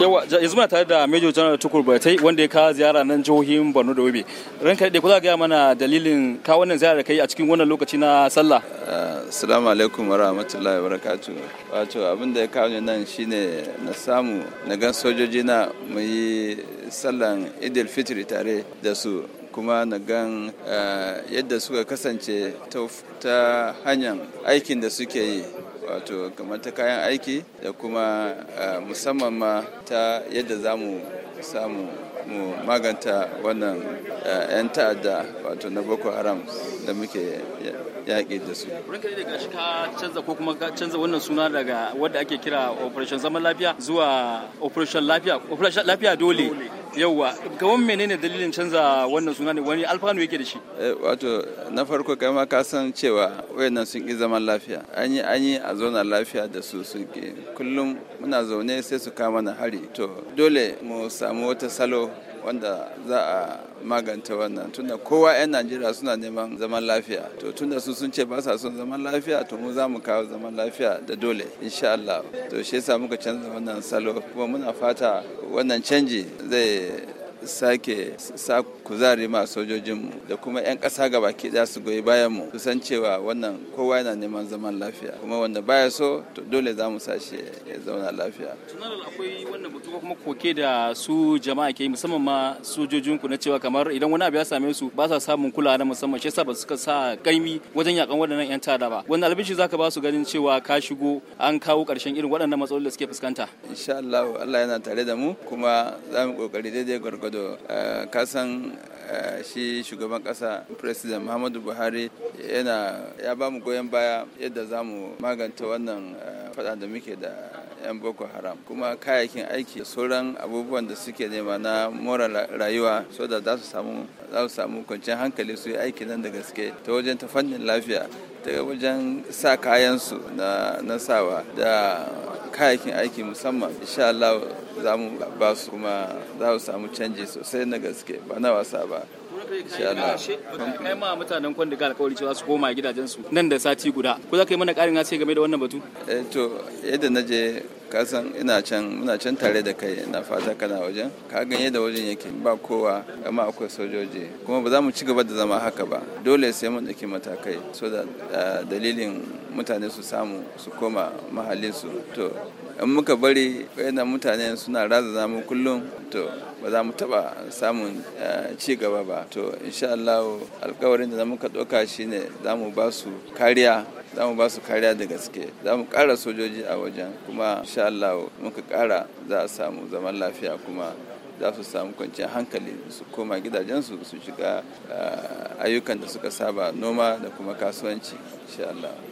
yawa yanzu muna tare da major general tukur baitai wanda ya kawo ziyara nan jihohin borno da yobe ranka da ku za gaya mana dalilin kawo wannan ziyara da kai a cikin wannan lokaci na sallah eh, assalamu alaikum wa rahmatullahi wa barakatu wato abin da ya kawo ni nan shine na samu na gan sojoji na mu yi sallan idil fitri tare da su kuma na gan eh, yadda suka kasance ta hanyar aikin da suke yi wato kamar ta kayan aiki da kuma musamman ma ta yadda za mu samu mu maganta wannan 'yan ta'adda wato na boko haram da muke yaƙi da su. Ranka ne daga ka canza ko kuma ka canza wannan suna daga wadda ake kira operation zaman lafiya zuwa operation operation lafiya dole. yauwa gaban menene dalilin canza wannan suna ne wani alfanu yake da shi eh, wato na farko kai ma ka san cewa wayannan sun ki zaman lafiya an yi an yi a zauna lafiya da su sun ki kullum muna zaune sai su kama na hari to dole mu samu wata salo wanda za a maganta wannan tunda kowa 'yan najeriya suna neman zaman lafiya to tunda su sun ce ba sa son zaman lafiya to mu za mu kawo zaman lafiya da dole insha Allah to shi yasa muka canza wannan salo kuma muna fata wannan canji zai sake sa kuzari ma sojojinmu da kuma 'yan ƙasa gaba ke za su goyi bayan mu kusan cewa wannan kowa yana neman zaman lafiya kuma wanda baya so to dole za mu sashi ya zauna lafiya. Tunanar akwai wannan batu kuma koke da su jama'a ke musamman ma sojojinku na cewa kamar idan wani abu ya same su ba sa samun kula na musamman shi yasa ba suka sa kaimi wajen yakan waɗannan 'yan tada ba. Wannan albishi zaka ba su ganin cewa ka shigo an kawo ƙarshen irin waɗannan matsalolin da suke fuskanta. Insha Allah Allah yana tare da mu kuma za mu ƙoƙari daidai gwargwado ecuador kasan shi shugaban kasa president muhammadu buhari yana ya ba mu goyon baya yadda za mu maganta wannan fada da muke da 'yan boko haram kuma kayayyakin aiki da sauran abubuwan da suke nema na mora rayuwa so da za su samu za su samu kwanciyar hankali su yi aiki nan da gaske ta wajen ta fannin lafiya ta wajen sa kayansu na sawa da kayayyakin aiki musamman insha Allah za mu ba su kuma za su samu canji sosai na gaske ba na wasa ba kai ma mutanen kwan ga alkawari cewa su koma gidajensu nan da sati guda ku za ka yi mana karin hasi game da wannan batu eh, to yadda na je kasan ina can muna can tare da kai ina fata kana wajen ka ganye da wajen yake ba kowa amma akwai sojoji kuma ba za mu ci gaba da zama haka ba dole sai mun dake matakai so da ah, dalilin mutane su samu su koma mahallinsu to in muka bari wayannan mutane suna raza zamu kullum to ba za mu taba samun ah, ci gaba ba to insha Allah alkawarin da muka ɗauka shine za mu ba su kariya za mu ba su kariya da gaske za mu ƙara sojoji a wajen kuma insha Allah muka kara za a samu zaman lafiya kuma za su samu kwanciyar hankali su koma gidajensu su shiga eh, ayyukan da suka saba noma da kuma kasuwanci insha Allah